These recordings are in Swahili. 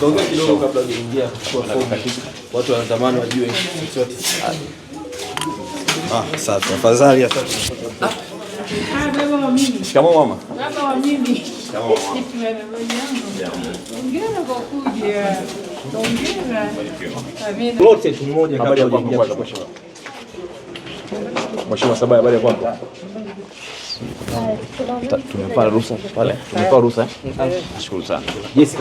Kaongea kidogo kabla kuingia kwa fomu, watu wanatamani wajue chochote. Ah, sasa tafadhali Shikamoo mama. Baba wa mimi. Mheshimiwa Sabaya, habari ya kwako? Yes, tumepata ruhusa pale, tumepewa ruhusa. Eh? Nashukuru sana. Yes,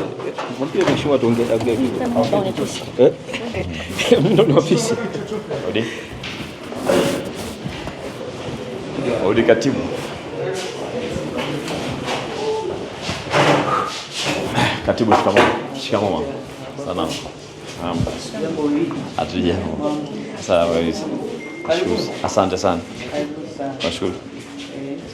mpiga mheshimiwa tuongee ongea kidogo. Eh? Ndio ni ofisi. Odi. Odi katibu. Katibu, shikamoo. Shikamoo. Salamu. Hatujambo. Asante sana. Nashukuru.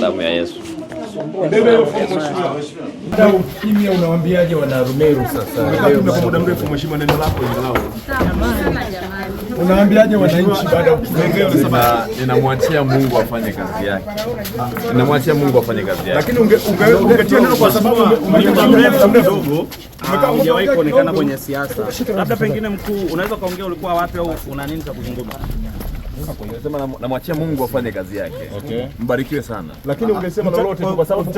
Damu ya Yesu. Kimya unawaambiaje wana Rumeru sasa? Muda mrefu mheshimiwa, neno lako ingalao. Unawaambiaje wananchi baada ya kusema ninamwachia Mungu afanye kazi yake. Ninamwachia Mungu afanye kazi yake. Lakini ungetia neno kwa sababu muda mrefu hujawahi kuonekana kwenye siasa. Labda pengine mkuu unaweza kaongea ulikuwa wapi au una nini cha kuzungumza? Unasema namwachia Mungu afanye kazi yake. Okay. Mbarikiwe sana. Lakini ungesema lolote tu kwa sababu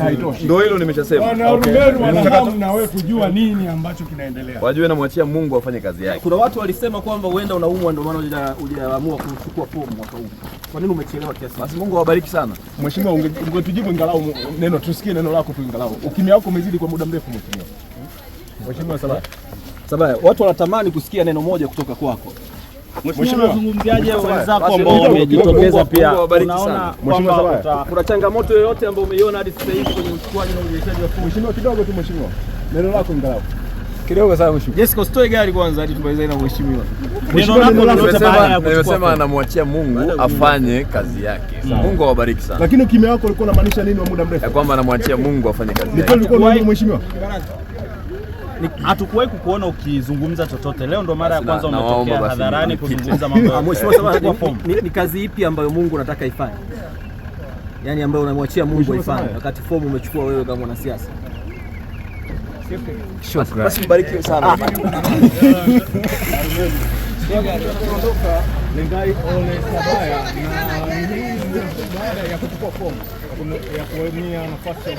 haitoshi. Ndio hilo nimeshasema. Na wewe kujua nini ambacho kinaendelea. Wajue namwachia Mungu afanye kazi yake. Kuna watu walisema kwamba uenda unaumwa ndio maana hujaamua kuchukua fomu mwaka huu. Kwa nini umechelewa kiasi? Basi Mungu awabariki sana. Mheshimiwa, ungetujibu ingalau neno tusikie neno lako tu ingalau. Ukimya wako umezidi kwa muda mrefu mheshimiwa. Mheshimiwa Sabaya. Sabaya, watu wanatamani kusikia neno moja kutoka kwako. Mheshimiwa, unazungumziaje wenzako ambao wamejitokeza pia? Unaona kwamba kuna changamoto yoyote ambayo umeiona hadi sasa hivi kwenye uchukuaji na urejeshaji wa fungu? Mheshimiwa, kidogo tu mheshimiwa, neno lako ngalau. kidogo sana mheshimiwa. Jessica, usitoe gari kwanza hadi tumalize na mheshimiwa. Nimesema anamwachia Mungu afanye kazi yake. Mm. Mungu awabariki sana. Lakini ukimya wako ulikuwa unamaanisha nini wa muda mrefu? Ya kwamba anamwachia Mungu afanye kazi yake. Ni kweli ulikuwa mheshimiwa? hatukuwahi kukuona ukizungumza chochote. Leo ndo mara ya kwanza umetokea hadharani kuzungumza mambo. Ni, ni kazi ipi ambayo Mungu anataka ifanye, yaani ambayo unamwachia Mungu ifanye, wakati fomu umechukua wewe kama mwanasiasa? Basi mbarikiwe sana. Lengai Ole Sabaya na baada ya kuchukua fomu ya kuwania nafasi